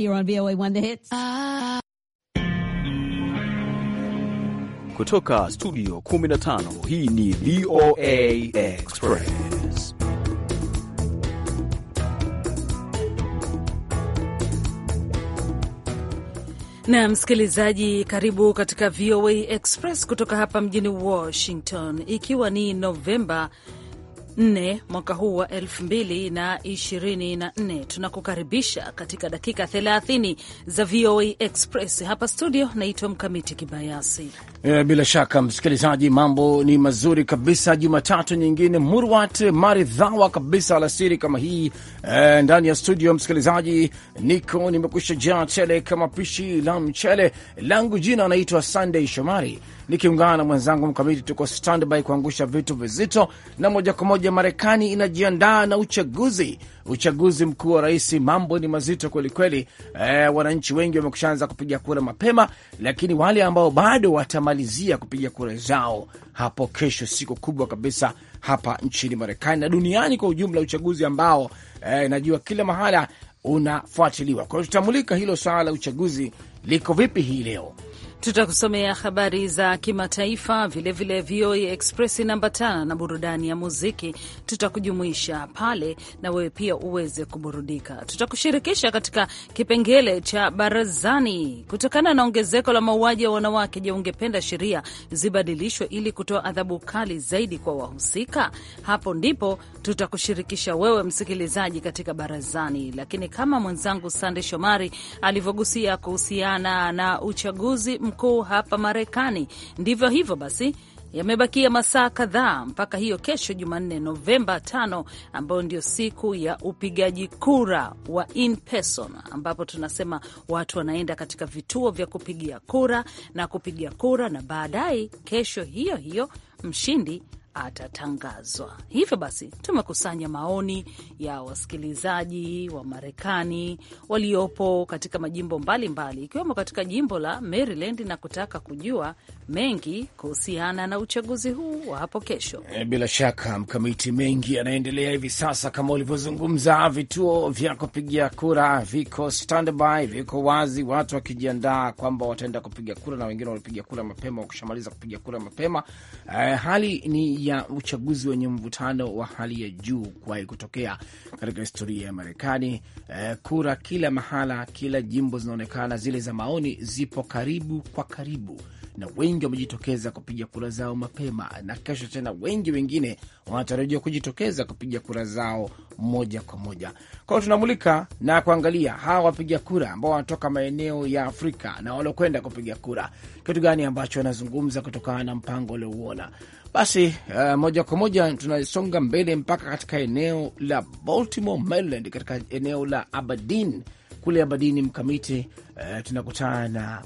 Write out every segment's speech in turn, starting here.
You're on voa One The Hits. Ah. Kutoka studio 15 hii ni VOA Express. Na msikilizaji, karibu katika VOA Express kutoka hapa mjini Washington, ikiwa ni Novemba 4 mwaka huu wa 224 Tunakukaribisha katika dakika 30 za VOA Express hapa studio. Naitwa Mkamiti Kibayasi. E, bila shaka msikilizaji, mambo ni mazuri kabisa. Jumatatu nyingine murwat maridhawa kabisa alasiri kama hii e, ndani ya studio msikilizaji, niko nimekusha jaa chele kama pishi la mchele langu. Jina anaitwa Sunday Shomari nikiungana na mwenzangu Mkamiti. Tuko standby kuangusha vitu vizito, na moja kwa moja Marekani inajiandaa na uchaguzi, uchaguzi mkuu wa rais. Mambo ni mazito kwelikweli. E, eh, wananchi wengi wamekushaanza kupiga kura mapema, lakini wale ambao bado watamalizia kupiga kura zao hapo kesho, siku kubwa kabisa hapa nchini Marekani na duniani kwa ujumla, uchaguzi ambao e, najua kila mahala unafuatiliwa. Kwa hiyo tutamulika hilo swala la uchaguzi liko vipi hii leo. Tutakusomea habari za kimataifa vilevile, VOA Express inaambatana na burudani ya muziki. Tutakujumuisha pale na wewe pia uweze kuburudika. Tutakushirikisha katika kipengele cha barazani. Kutokana na ongezeko la mauaji ya wanawake, je, ungependa sheria zibadilishwe ili kutoa adhabu kali zaidi kwa wahusika? Hapo ndipo tutakushirikisha wewe msikilizaji katika barazani. Lakini kama mwenzangu Sande Shomari alivyogusia kuhusiana na uchaguzi mkuu hapa Marekani. Ndivyo hivyo basi, yamebakia masaa kadhaa mpaka hiyo kesho Jumanne, Novemba 5 ambayo ndio siku ya upigaji kura wa in person, ambapo tunasema watu wanaenda katika vituo vya kupigia kura na kupiga kura, na baadaye kesho hiyo hiyo mshindi atatangazwa. Hivyo basi, tumekusanya maoni ya wasikilizaji wa Marekani waliopo katika majimbo mbalimbali ikiwemo mbali, katika jimbo la Maryland na kutaka kujua mengi kuhusiana na uchaguzi huu wa hapo kesho. E, bila shaka mkamiti, mengi yanaendelea hivi sasa kama ulivyozungumza. Vituo vya kupigia kura viko standby, viko wazi, watu wakijiandaa kwamba wataenda kupiga kura na wengine walipiga kura mapema, wakushamaliza kupiga kura mapema. E, hali ni ya uchaguzi wenye mvutano wa hali ya juu kuwahi kutokea katika historia ya Marekani. E, kura kila mahala, kila jimbo zinaonekana, zile za maoni zipo karibu kwa karibu na wengi wengi wamejitokeza kupiga kura zao mapema, na kesho tena wengi wengine wanatarajiwa kujitokeza kupiga kura zao moja kwa moja. Kwa hiyo tunamulika na kuangalia hawa wapiga kura ambao wanatoka maeneo ya Afrika na waliokwenda kupiga kura, kitu gani ambacho wanazungumza kutokana na mpango waliouona. Basi uh, moja kwa moja tunasonga mbele mpaka katika eneo la Baltimore, Maryland, katika eneo la Aberdeen. Kule Aberdeen mkamiti, uh, tunakutana na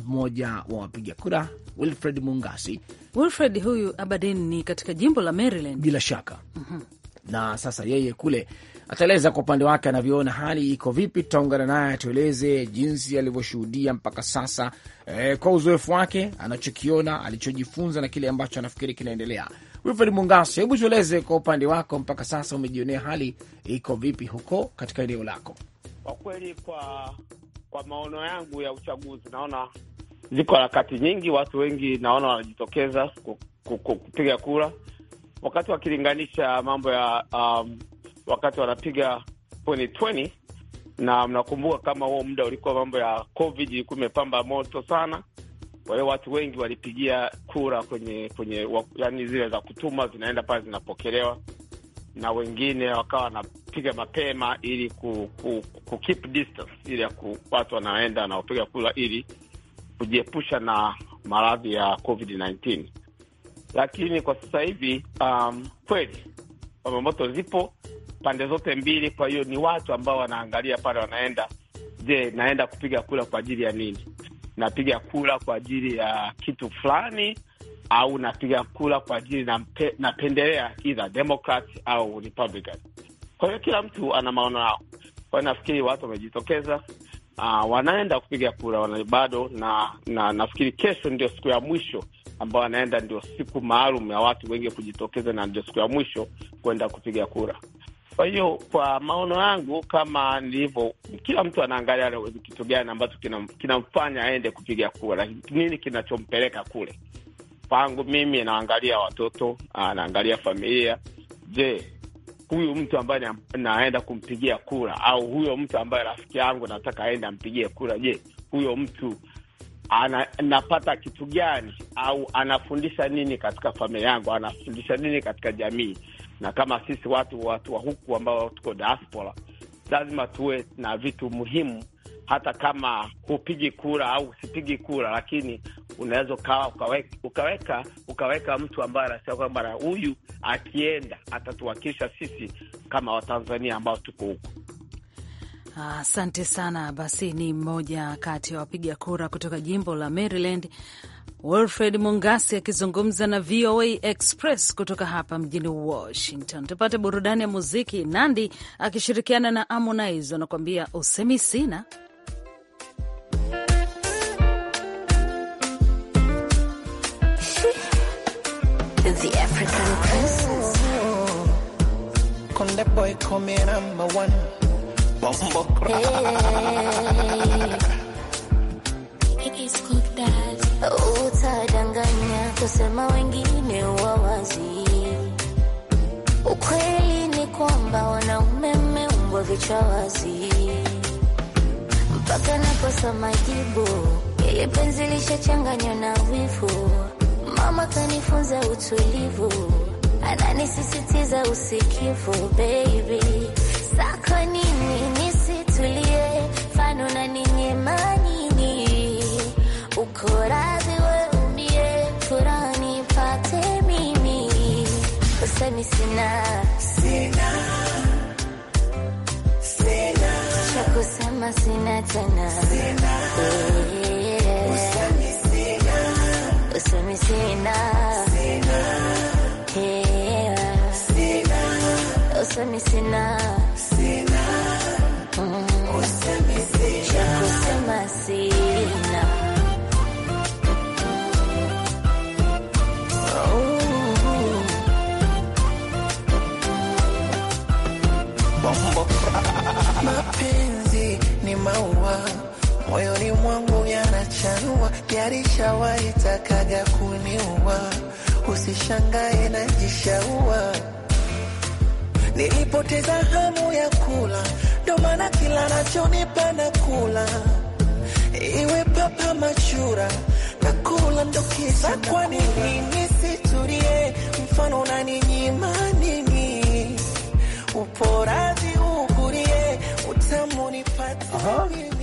mmoja wa wapiga kura Wilfred Mungasi. Wilfred huyu Abadin ni katika jimbo la Maryland bila shaka mm -hmm. na sasa yeye kule ataeleza kwa upande wake anavyoona hali iko vipi. Tutaungana naye atueleze jinsi alivyoshuhudia mpaka sasa, e, kwa uzoefu wake anachokiona, alichojifunza na kile ambacho anafikiri kinaendelea. Wilfred Mungasi, hebu tueleze kwa upande wako, mpaka sasa umejionea hali iko vipi huko katika eneo lako? Kwa kweli, kwa kwa maono yangu ya uchaguzi, naona ziko harakati nyingi, watu wengi naona wanajitokeza kupiga kura, wakati wakilinganisha mambo ya um, wakati wanapiga 2020 na mnakumbuka kama huo muda ulikuwa mambo ya COVID ilikuwa imepamba moto sana. Kwa hiyo watu wengi walipigia kura kwenye kwenye, yani zile za kutuma zinaenda pale zinapokelewa, na wengine wakawa kupiga mapema ili ku, ku, ku keep distance ili ya watu wanaenda wanaopiga kura ili kujiepusha na maradhi ya COVID-19. Lakini kwa sasa hivi um, kweli changamoto zipo pande zote mbili. Kwa hiyo ni watu ambao wanaangalia pale wanaenda, je, naenda kupiga kura kwa ajili ya nini? Napiga kura kwa ajili ya kitu fulani au napiga kura kwa ajili napendelea either Democrat au Republican. Kwa hiyo kila mtu ana maono yao. Kwa hiyo nafikiri watu wamejitokeza, uh, wanaenda kupiga kura bado na, na nafikiri kesho ndio siku ya mwisho ambao wanaenda, ndio siku maalum ya watu wengi kujitokeza, na ndio siku ya mwisho kwenda kupiga kura. Kwa hiyo kwa maono yangu, kama nilivyo, kila mtu anaangalia kitu gani ambacho kinamfanya kina aende kupiga kura, nini kinachompeleka kule. Pangu mimi naangalia watoto, anaangalia familia. Je, huyu mtu ambaye naenda kumpigia kura au huyo mtu ambaye rafiki yangu nataka aende ampigie kura, je, huyo mtu ana, napata kitu gani au anafundisha nini katika familia yangu, anafundisha nini katika jamii? Na kama sisi watu watu wa huku ambao tuko diaspora, lazima tuwe na vitu muhimu hata kama hupigi kura au usipigi kura, lakini unaweza ukawa ukaweka, ukaweka mtu ambaye anasema kwamba huyu akienda atatuwakilisha sisi kama Watanzania ambao tuko huko. Asante ah, sana. Basi ni mmoja kati ya wapiga kura kutoka jimbo la Maryland, Wilfred Mungasi akizungumza na VOA Express kutoka hapa mjini Washington. Tupate burudani ya muziki, Nandi akishirikiana na Harmonize anakuambia usemi sina boy come in number one. Bumbo hey, It's called that. Utadanganya kusema wengine wawazi. Ukweli ni kwamba wanaume mmeumbwa vichwa wazi. Mpaka nakosa majibu, ili penzi lishachanganywa na wivu. Mama kanifunza utulivu ananisisitiza usikivu, baby sako nini nisitulie, fano na ninyema nini, uko radhi werudie, furaha nipate mimi, usemi sina sina sina cha sina tena sina, yeah. usemi sina usemi sina sina, hey usemi sina sina, mm. Mapenzi ni maua moyoni mwangu yanachanua, yarishawahi takaga kuniua, usishangae najishaua nilipoteza hamu ya kula, ndo maana kila nachonipa na kula, iwe papa machura na kula ndo kisa. Kwa nini nisitulie? Mfano unaninyima nini? uporazi ukurie utamu nipata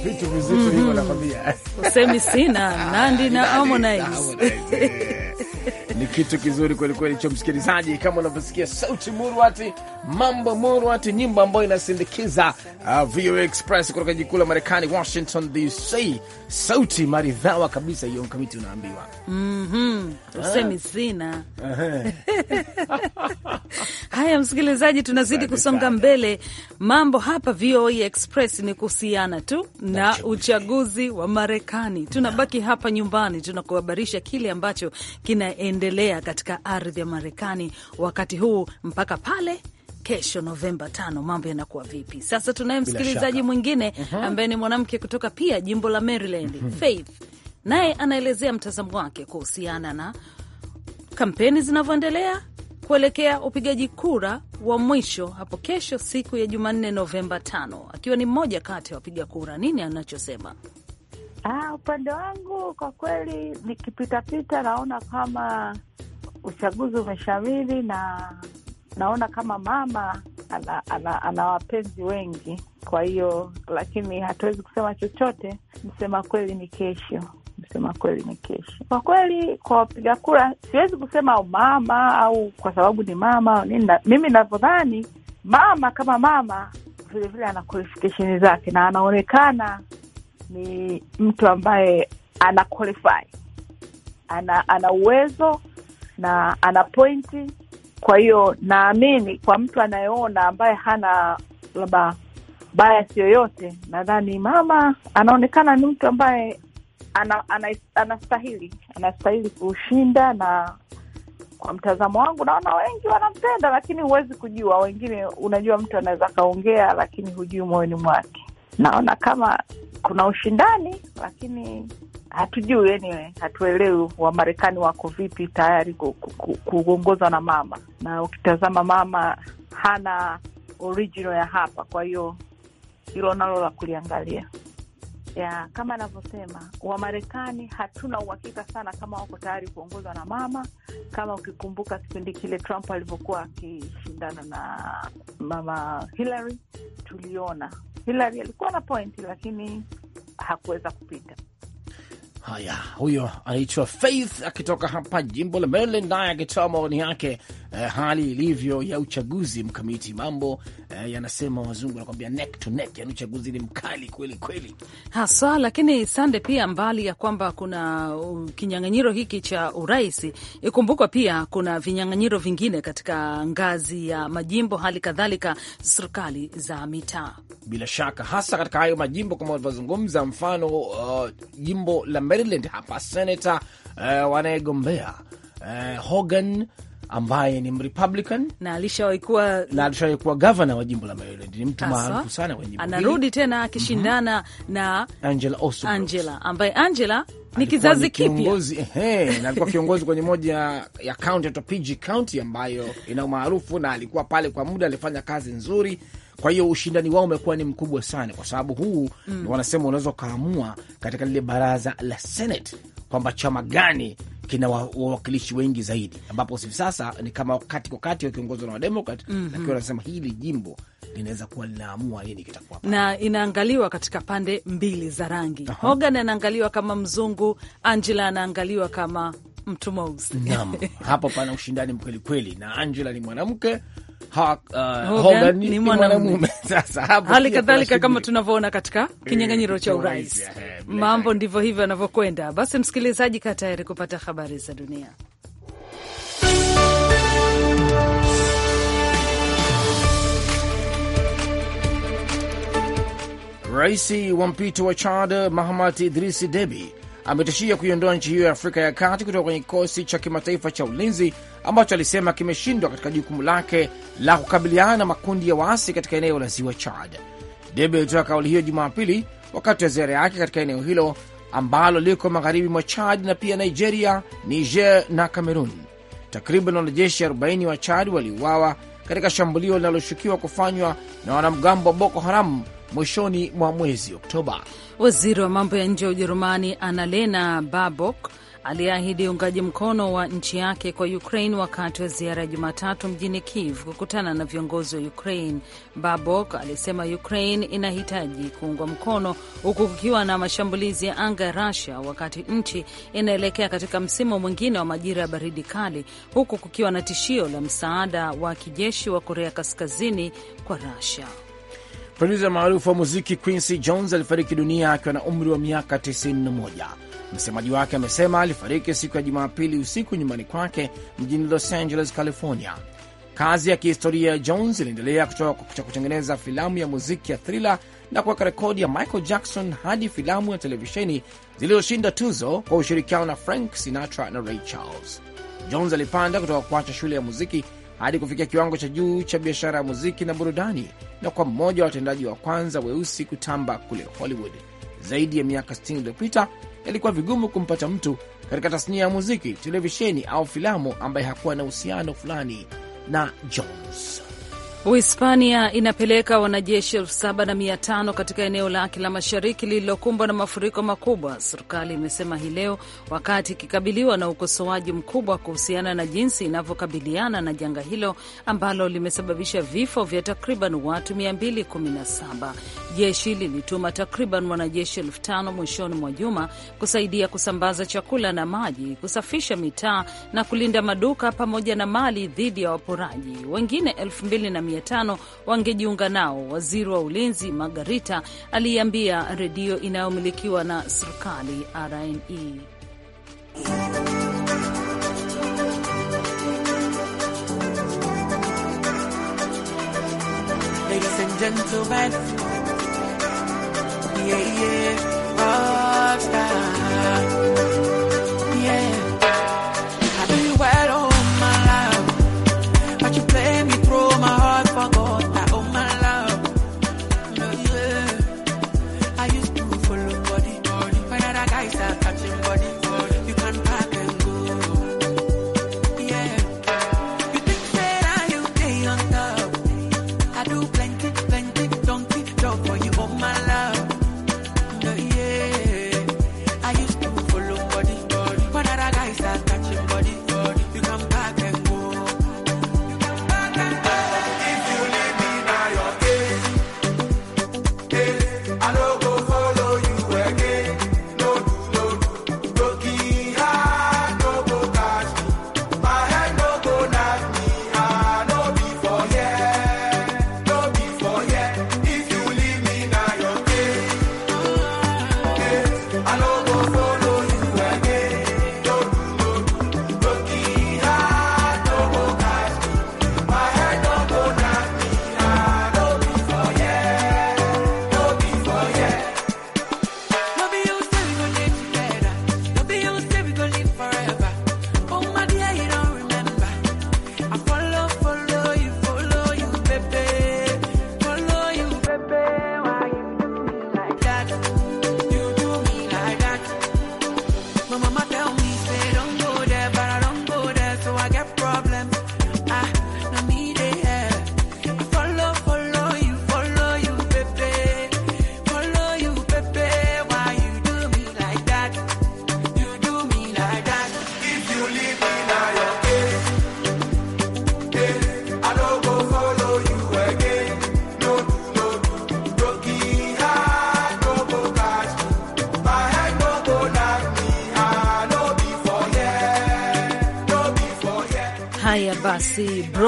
vitu vizito hivyo, nakwambia usemi sina Nandi na Harmonize ni kitu kizuri kwelikweli cha msikilizaji, kama unavyosikia sauti murwati, mambo murwati, nyimbo ambayo inasindikiza uh, VOA Express kutoka jikuu la Marekani, Washington DC. Sauti maridhawa kabisa hiyo, Mkamiti unaambiwa mm -hmm. usemi ah. sina haya. Msikilizaji, tunazidi kusonga mbele, mambo hapa VOA Express ni kuhusiana tu na uchaguzi wa Marekani. Tunabaki hapa nyumbani, tunakuhabarisha kile ambacho kinaendelea kuendelea katika ardhi ya Marekani wakati huu mpaka pale kesho Novemba tano, mambo yanakuwa vipi? Sasa tunaye msikilizaji mwingine mhm. ambaye ni mwanamke kutoka pia jimbo la Maryland, mhm. Faith, naye anaelezea mtazamo wake kuhusiana na kampeni zinavyoendelea kuelekea upigaji kura wa mwisho hapo kesho, siku ya Jumanne, Novemba tano, akiwa ni mmoja kati ya wapiga kura. Nini anachosema? Ah, upande wangu kwa kweli nikipitapita naona kama uchaguzi umeshamiri na naona kama mama ana, ana, ana wapenzi wengi, kwa hiyo lakini hatuwezi kusema chochote. Msema kweli ni kesho, msema kweli ni kesho. Kwa kweli kwa wapiga kura siwezi kusema mama au kwa sababu ni mama nini. Mimi navyodhani mama kama mama vilevile ana qualification zake na anaonekana ni mtu ambaye ana qualify, ana ana uwezo na ana pointi. Kwa hiyo naamini kwa mtu anayeona ambaye hana labda bias yoyote, nadhani mama anaonekana ni mtu ambaye ana, ana, anastahili anastahili kushinda, na kwa mtazamo wangu naona wengi wanampenda, lakini huwezi kujua. Wengine unajua, mtu anaweza akaongea, lakini hujui moyoni mwake. Naona kama kuna ushindani, lakini hatujui yenyewe, hatuelewi Wamarekani wako vipi tayari kuongozwa na mama, na ukitazama mama hana original ya hapa, kwa hiyo hilo nalo la kuliangalia. Ya, kama anavyosema Wamarekani hatuna uhakika sana kama wako tayari kuongozwa na mama, kama ukikumbuka kipindi kile Trump alivyokuwa akishindana na mama Hillary tuliona Hillary alikuwa na pointi lakini hakuweza kupita. Haya, huyo anaitwa Faith akitoka hapa jimbo la Maryland, naye akitoa maoni yake eh, hali ilivyo ya uchaguzi mkamiti mambo eh, yanasema wazungu wanakwambia neck to neck, yani uchaguzi ni mkali kweli kweli haswa. Lakini sande pia, mbali ya kwamba kuna kinyang'anyiro hiki cha urais, ikumbukwa pia kuna vinyang'anyiro vingine katika ngazi ya majimbo, hali kadhalika serikali za mitaa, bila shaka hasa katika hayo majimbo kama walivyozungumza, mfano uh, jimbo la Maryland hapa senata uh, eh, wanayegombea uh, Hogan ambaye ni Mrepublican na alishawahi kuwa na alishawahi kuwa gavana wa jimbo la Maryland. Ni mtu maarufu sana wa jimbo, anarudi tena mhm. akishindana mm -hmm. na Angela Osu Angela ambaye Angela ni kizazi kipya na alikuwa kiongozi kwenye moja ya kaunti ya PG County ambayo ina umaarufu na alikuwa pale kwa muda, alifanya kazi nzuri. Kwa hiyo ushindani wao umekuwa ni mkubwa sana, kwa sababu huu mm. wanasema unaweza ukaamua katika lile baraza la Senate kwamba chama gani kina wawakilishi wengi zaidi, ambapo hivi sasa ni kama kati kwa kati wakiongozwa na Wademokrat mm -hmm. Lakini wanasema hili jimbo linaweza kuwa linaamua nini kitakuwa, na inaangaliwa katika pande mbili za rangi. Hogan anaangaliwa kama mzungu, Angela anaangaliwa kama mtu mweusi. Naam, hapo pana ushindani mkwelikweli, na Angela ni mwanamke Uh, Hogan ni mwanamume sasa. Hali kadhalika kama tunavyoona katika eh, kinyang'anyiro cha urais, mambo ndivyo hivyo yanavyokwenda. Basi msikilizaji, kaa tayari kupata habari za dunia. Rais wa mpito wa Chad Mahamat Idrisi Debi ametishia kuiondoa nchi hiyo ya Afrika ya Kati kutoka kwenye kikosi cha kimataifa cha ulinzi ambacho alisema kimeshindwa katika jukumu lake la kukabiliana na makundi ya waasi katika eneo la ziwa Chad. Debe alitoa kauli hiyo Jumapili wakati wa ziara yake katika eneo hilo ambalo liko magharibi mwa Chad na pia Nigeria, Niger na cameron Takriban wanajeshi 40 wa Chad waliuawa katika shambulio linaloshukiwa kufanywa na wanamgambo wa Boko Haram mwishoni mwa mwezi Oktoba. Waziri wa mambo ya nje ya Ujerumani Annalena Baerbock aliyeahidi uungaji mkono wa nchi yake kwa Ukraine wakati wa ziara ya Jumatatu mjini Kiev kukutana na viongozi wa Ukraine. Babok alisema Ukraine inahitaji kuungwa mkono huku kukiwa na mashambulizi ya anga ya rasia wakati nchi inaelekea katika msimu mwingine wa majira ya baridi kali, huku kukiwa na tishio la msaada wa kijeshi wa Korea Kaskazini kwa rasia Produsa maarufu wa muziki Quincy Jones alifariki dunia akiwa na umri wa miaka 91. Msemaji wake amesema alifariki siku ya Jumapili usiku nyumbani kwake mjini Los Angeles, California. Kazi ya kihistoria ya Jones iliendelea kutoka kutengeneza filamu ya muziki ya thriller na kuweka rekodi ya Michael Jackson hadi filamu ya televisheni zilizoshinda tuzo kwa ushirikiano na Frank Sinatra na Ray Charles. Jones alipanda kutoka kuacha shule ya muziki hadi kufikia kiwango cha juu cha biashara ya muziki na burudani na kwa mmoja wa watendaji wa kwanza weusi kutamba kule Hollywood. Zaidi ya miaka 60 iliyopita, ilikuwa vigumu kumpata mtu katika tasnia ya muziki, televisheni au filamu ambaye hakuwa na uhusiano fulani na Jones. Uhispania inapeleka wanajeshi elfu saba na mia tano katika eneo lake la mashariki lililokumbwa na mafuriko makubwa, serikali imesema hii leo, wakati ikikabiliwa na ukosoaji mkubwa kuhusiana na jinsi inavyokabiliana na janga hilo ambalo limesababisha vifo vya takriban watu 217. Jeshi lilituma takriban wanajeshi elfu tano mwishoni mwa juma kusaidia kusambaza chakula na maji, kusafisha mitaa na kulinda maduka pamoja na mali dhidi ya waporaji. Wengine elfu mbili na 500 wangejiunga nao. Waziri wa ulinzi Margarita aliiambia redio inayomilikiwa na serikali RNE. Yeah, yeah,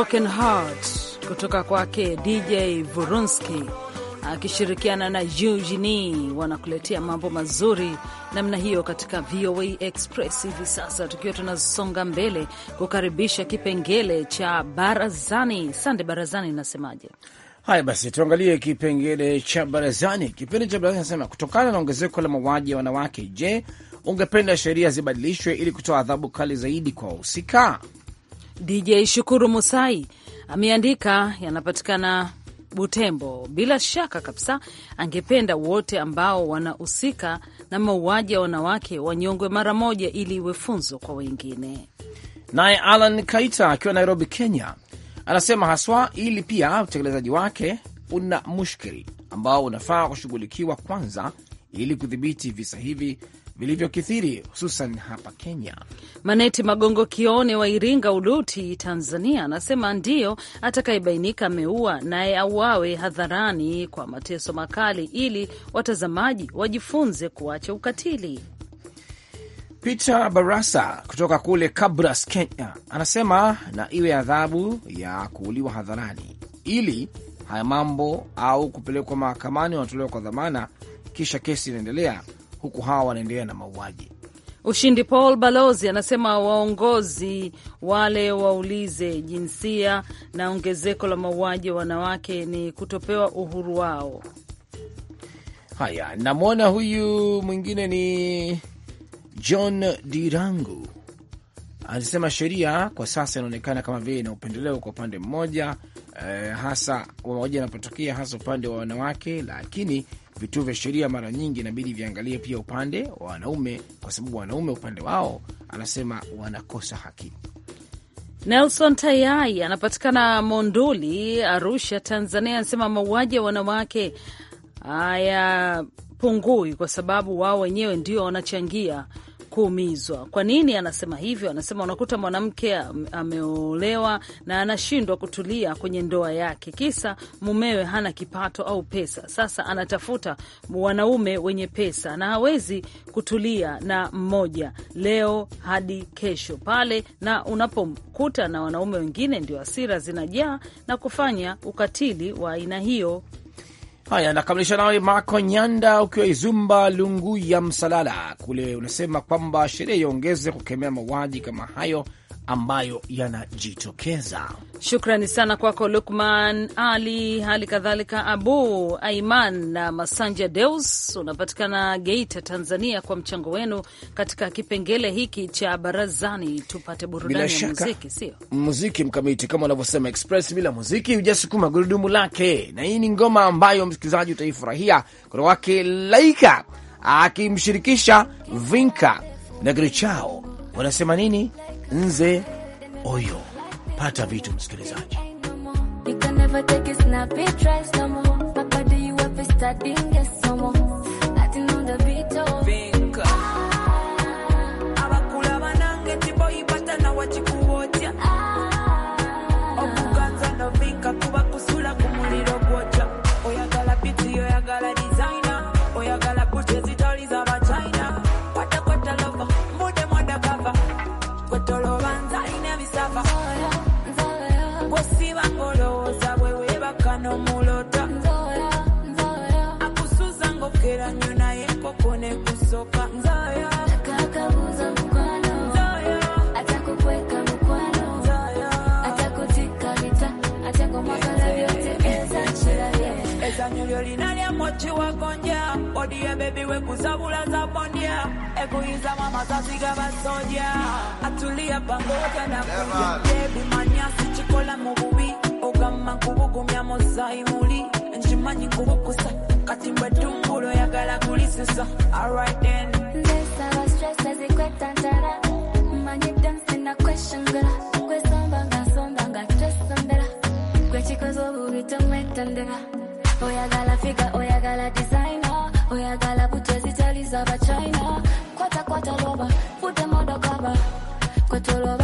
Broken Heart kutoka kwake DJ Vurunski akishirikiana na Eugenie wanakuletea mambo mazuri namna hiyo katika VOA Express hivi sasa, tukiwa tunasonga mbele kukaribisha kipengele cha barazani. Sande, barazani inasemaje? Haya basi, tuangalie kipengele cha barazani. Kipindi cha barazani nasema, kutokana na ongezeko la mauaji ya wanawake, je, ungependa sheria zibadilishwe ili kutoa adhabu kali zaidi kwa wahusika? DJ Shukuru Musai ameandika yanapatikana Butembo. Bila shaka kabisa, angependa wote ambao wanahusika na mauaji ya wanawake wanyongwe mara moja, ili iwe funzo kwa wengine. Naye Alan Kaita akiwa Nairobi, Kenya, anasema haswa ili pia utekelezaji wake una mushkeli ambao unafaa kushughulikiwa kwanza, ili kudhibiti visa hivi vilivyokithiri hususan hapa Kenya. Maneti Magongo Kione wa Iringa Uluti, Tanzania, anasema ndiyo, atakayebainika ameua naye auawe hadharani kwa mateso makali, ili watazamaji wajifunze kuacha ukatili. Peter Barasa kutoka kule Kabras, Kenya, anasema na iwe adhabu ya kuuliwa hadharani, ili haya mambo au kupelekwa mahakamani, wanatolewa kwa dhamana, kisha kesi inaendelea huku hawa wanaendelea na mauaji. Ushindi Paul Balozi anasema waongozi wale waulize jinsia na ongezeko la mauaji ya wanawake ni kutopewa uhuru wao. Haya, namwona huyu mwingine ni John Dirangu anasema sheria kwa sasa inaonekana kama vile ina upendeleo kwa upande mmoja, eh, hasa wamoja wanapotokea hasa upande wa wanawake, lakini vituo vya sheria mara nyingi inabidi viangalie pia upande wa wanaume, kwa sababu wanaume upande wao anasema wanakosa haki. Nelson Tayai anapatikana Monduli, Arusha, Tanzania, anasema mauaji ya wanawake hayapungui kwa sababu wao wenyewe ndio wanachangia kuumizwa. Kwa nini anasema hivyo? Anasema unakuta mwanamke ameolewa na anashindwa kutulia kwenye ndoa yake, kisa mumewe hana kipato au pesa. Sasa anatafuta wanaume wenye pesa na hawezi kutulia na mmoja leo hadi kesho pale, na unapokuta na wanaume wengine, ndio hasira zinajaa na kufanya ukatili wa aina hiyo. Haya, nakamilisha nawe Mako Nyanda ukiwa Izumba Lungu ya Msalala kule, unasema kwamba sheria iongeze kukemea mauaji kama hayo ambayo yanajitokeza. Shukrani sana kwako Lukman Ali, hali kadhalika Abu Aiman na Masanja Deus. Unapatikana Geita, Tanzania, kwa mchango wenu katika kipengele hiki cha barazani. Tupate burudani ya muziki, sio muziki mkamiti, kama unavyosema Express, bila muziki hujasukuma gurudumu lake. Na hii ni ngoma ambayo msikilizaji utaifurahia kutoka wake Laika akimshirikisha Vinka na Grichao, wanasema nini? Nze Oyo. Pata vitu msikilizaji. Selinalia mochi wagonja odiye bebi we kusabula za bondia ekuiza mama zasiga basoja atulia pamoja na kuja bebi manyasi chikola mububi ogama kubugumya mozayimuli njimanyi kubukusa kati mbwe tumbulo yagala kulisusa alright then ndesaba stress ezikwetantala mmanyi dansi nakweshengela kwesamba nga nsonda nga twesondela kwekikoza obubi tomwetondela oyagala fika oyagala designer oyagala butezitali zaba china kwatakwata loba fute modokaba kwetoloba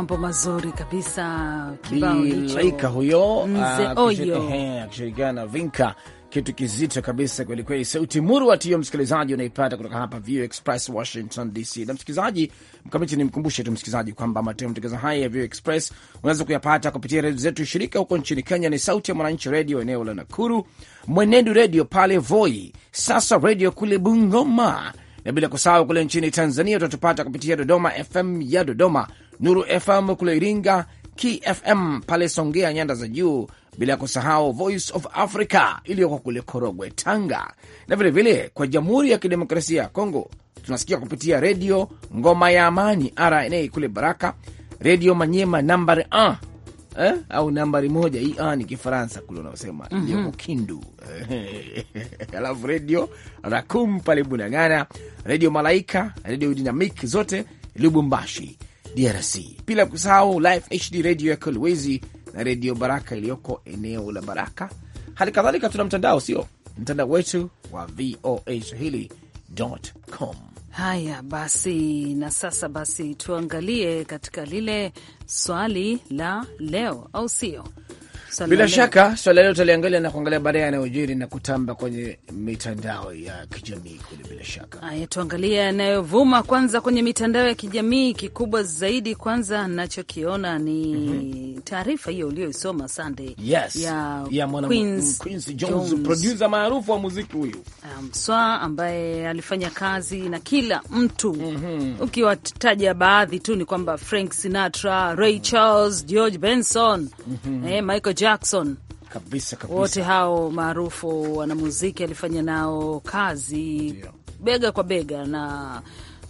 mambo mazuri kabisa, kibao Laika huyo ah, akishirikiana na Vinka, kitu kizito kabisa kwelikweli. Sauti murwati hiyo, msikilizaji, unaipata kutoka hapa VOA Express Washington DC. Na msikilizaji mkamiti, ni mkumbushe tu msikilizaji kwamba matangazo haya ya VOA Express unaweza kuyapata kupitia redio zetu shirika huko nchini Kenya ni Sauti ya Mwananchi redio eneo la Nakuru, Mwenedu redio pale Voi, Sasa redio kule Bungoma, na bila kusahau kule nchini Tanzania utatupata kupitia Dodoma FM ya Dodoma, Nuru FM kule Iringa, KFM pale Songea nyanda za juu, bila kusahau Voice of Africa iliyoko kule Korogwe, Tanga, na vilevile vile, kwa Jamhuri ya Kidemokrasia ya Kongo tunasikia kupitia redio Ngoma ya Amani RNA kule Baraka, redio Manyema nambari eh? au nambari moja hii. Ah, ni Kifaransa kule unaosema mm -hmm. Kindu alafu redio Rakum pale Bunagana, redio Malaika, redio Dinamik zote Lubumbashi DRC, bila kusahau Live HD redio ya Kolwezi na redio Baraka iliyoko eneo la Baraka. Hali kadhalika tuna mtandao, sio mtandao wetu wa VOA Swahili.com Haya basi, na sasa basi tuangalie katika lile swali la leo, au sio? Swala bila leo shaka swala hilo tutaliangalia na kuangalia baadaye yanayojiri na kutamba kwenye mitandao ya kijamii kule. Bila shaka haya, tuangalie yanayovuma kwanza kwenye mitandao ya kijamii. Kikubwa zaidi kwanza nachokiona ni mm -hmm. taarifa hiyo uliyoisoma Sunday, yes. ya, ya Queens Queens Jones, producer maarufu wa muziki huyu mswa um, ambaye alifanya kazi na kila mtu mm -hmm. ukiwataja baadhi tu ni kwamba Frank Sinatra, Ray mhm. Charles, George Benson mm -hmm. eh, Michael Jackson kabisa, kabisa. Wote hao maarufu wanamuziki alifanya nao kazi Dio. bega kwa bega na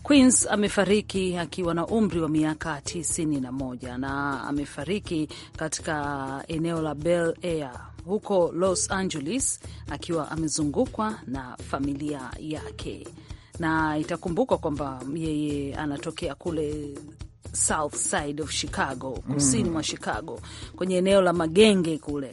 Queens amefariki akiwa na umri wa miaka 91 na na amefariki katika eneo la Bel Air huko Los Angeles akiwa amezungukwa na familia yake, na itakumbukwa kwamba yeye anatokea kule south side of Chicago, kusini mm. mwa Chicago, kwenye eneo la magenge kule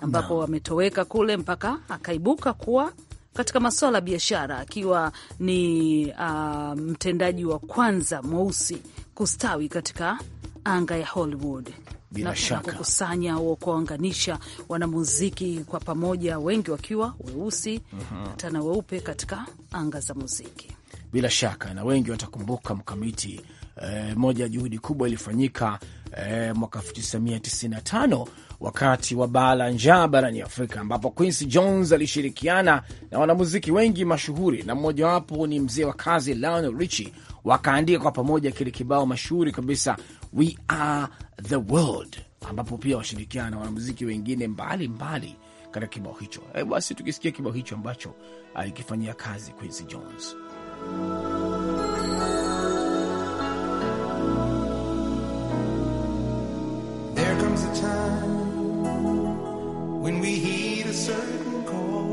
ambapo no. wametoweka kule mpaka akaibuka kuwa katika masuala ya biashara akiwa ni uh, mtendaji wa kwanza mweusi kustawi katika anga ya Hollywood na kukusanya au kuwaunganisha wanamuziki kwa pamoja, wengi wakiwa weusi mhm. hata na weupe katika anga za muziki. Bila shaka na wengi watakumbuka mkamiti eh, moja ya juhudi kubwa ilifanyika eh, mwaka 1995 wakati wa baa la njaa barani Afrika, ambapo Quincy Jones alishirikiana na wanamuziki wengi mashuhuri na mmojawapo ni mzee wa kazi Lionel Richie, wakaandika kwa pamoja kile kibao mashuhuri kabisa We Are The World, ambapo pia washirikiana na wanamuziki wengine mbalimbali katika kibao hicho. Eh, basi tukisikia kibao hicho ambacho alikifanyia kazi Quincy Jones. 想孤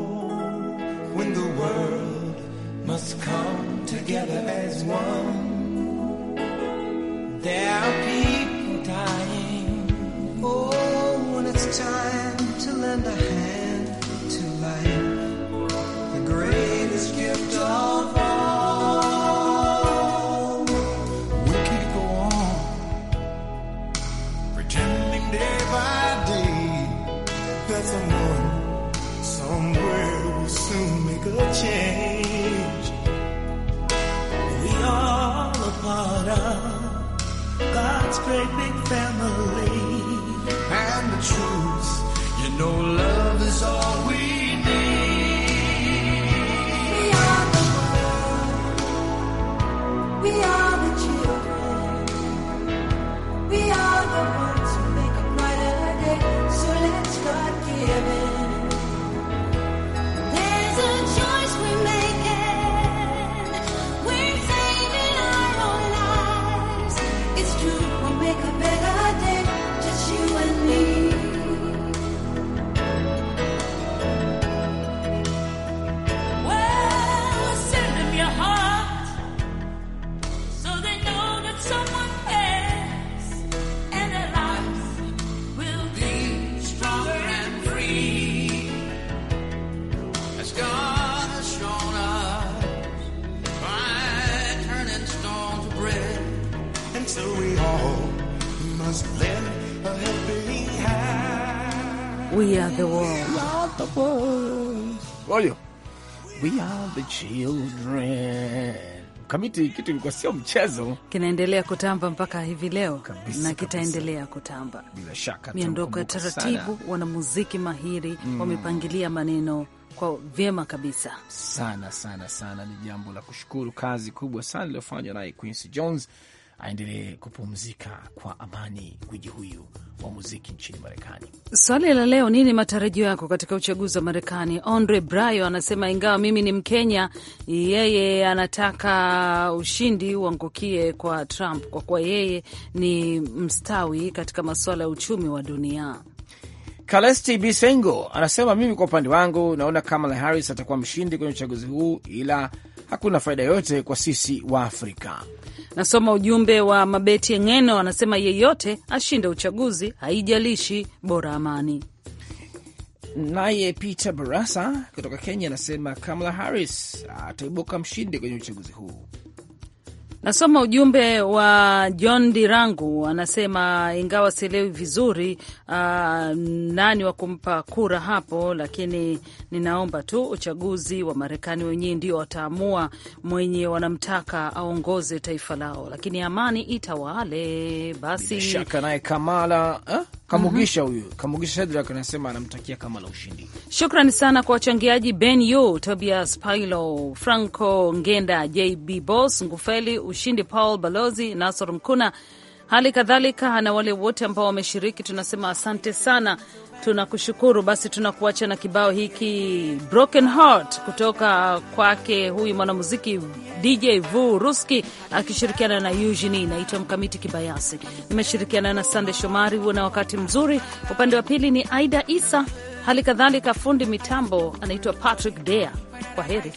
Oyo. We are the children. Kamiti, kitu ilikuwa sio mchezo, kinaendelea kutamba mpaka hivi leo kabisa, na kitaendelea kutamba bila shaka. Miondoko ya taratibu, wanamuziki mahiri mm, wamepangilia maneno kwa vyema kabisa sana sana sana, ni jambo la kushukuru, kazi kubwa sana iliyofanywa naye Quincy Jones aendelee kupumzika kwa amani, gwiji huyu wa muziki nchini Marekani. Swali la leo, nini matarajio yako katika uchaguzi wa Marekani? Andre Brayo anasema ingawa mimi ni Mkenya, yeye anataka ushindi uangukie kwa Trump kwa kuwa yeye ni mstawi katika masuala ya uchumi wa dunia. Kalesti Bisengo anasema mimi kwa upande wangu naona Kamala Harris atakuwa mshindi kwenye uchaguzi huu, ila hakuna faida yoyote kwa sisi wa Afrika. Nasoma ujumbe wa Mabeti Engeno, anasema yeyote ashinde uchaguzi, haijalishi, bora amani. Naye Peter Barasa kutoka Kenya anasema Kamala Harris ataibuka mshindi kwenye uchaguzi huu. Nasoma ujumbe wa John Dirangu, anasema ingawa sielewi vizuri uh, nani wa kumpa kura hapo, lakini ninaomba tu uchaguzi wa Marekani wenyewe ndio wataamua mwenye wanamtaka aongoze taifa lao, lakini amani itawale. Basi shaka naye Kamala eh? Kamugisha mhm. huyu mm -hmm. Kamugisha anasema anamtakia ushindi. Shukrani sana kwa wachangiaji Ben Yu, Tobias Pilo, Franco Ngenda, JB Bos Ngufeli ushindi Paul Balozi, Nasor Mkuna, hali kadhalika na wale wote ambao wameshiriki, tunasema asante sana, tunakushukuru. Basi tunakuacha na kibao hiki Broken Heart kutoka kwake huyu mwanamuziki DJ Vu Ruski akishirikiana na ugn Naitwa Mkamiti Kibayasi, nimeshirikiana na Sande Shomari. Huo na wakati mzuri. Upande wa pili ni Aida Isa, hali kadhalika fundi mitambo anaitwa Patrick Dea. Kwa heri.